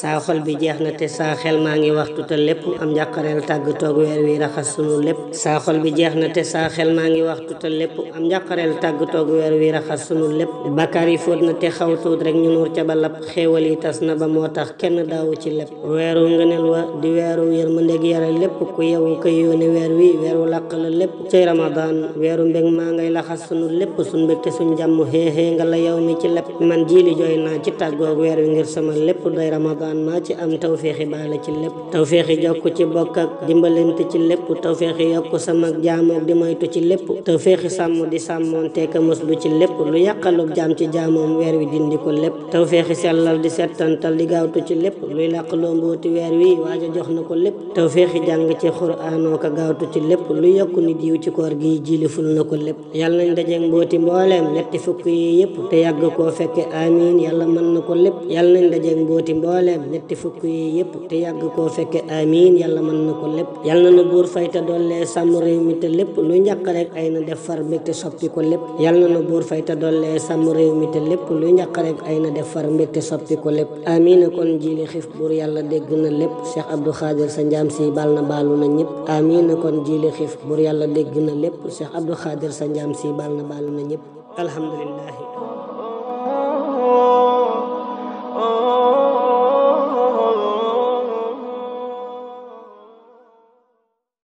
saa xol bi jeex na te sa xel ma ngi waxtu te lepp am njàqareel tag tog wer wi raxas sunu lepp saa xol bi jeex na te sa xel ma ngi waxtu te lepp am njàqareel tag tog wer wi raxas sunu lepp bakkaar yi na te xaw tuut rek ñu nur ca balap xewali tas na ba motax kenn daawu ci lepp weru ngeenel wa di ma ndeg yara lepp ku yewu koy yoni wer wi weru làq la lépp ci ramadan weru mbeng ma ngay laxas sunu lépp suñ sun suñ he he nga la yow mi ci lepp man jili joy na ci tàggoog wer wi ngir sama lepp day ramadan alxuraan maa ci am tawféexi baale ci lépp tawféexi jokk ci bokk ak dimbalante ci lépp tawféexi yokk sama jaamoog di moytu ci lépp tawféexi sàmm di sàmmoonteeka muslu ci lépp lu yàqalub jaam ci jaamoom weer wi dindi ko lépp tawféexi sellal di settantal di gaawtu ci lépp luy làqaloo mbooti weer wi waaja jox na ko lépp tawféexi jàng ci xuraanoo ko gaawtu ci lépp lu yokk nit yiw ci koor gi jiliful na ko lépp yàlla nañ dajeeg mbooti mbooleem ñetti fukk yi yépp te yàgg koo fekke amiin yàlla mën na ko lépp yàlla nañ dajeeg mbooti mboolem ñetti fukk yi yépp te yàgg koo fekke amin yàlla mën na ko lépp yàlla na nu buur fay dolle dollee sàmm réew mi te lépp lu njàq rek ay na def far mbég soppi ko lépp yàlla na nu buur fay dolle sàmm réew mi te lépp lu njàq rek ay na def far mbég soppi ko lépp amin kon jili xiif buur yàlla dégg na lépp Cheikh Abdou Khadir sa njaam si bal na baalu na ñëpp amin kon jili buur yàlla dégg na lépp Cheikh Abdou Khadir sa njaam si bal na baalu na ñëpp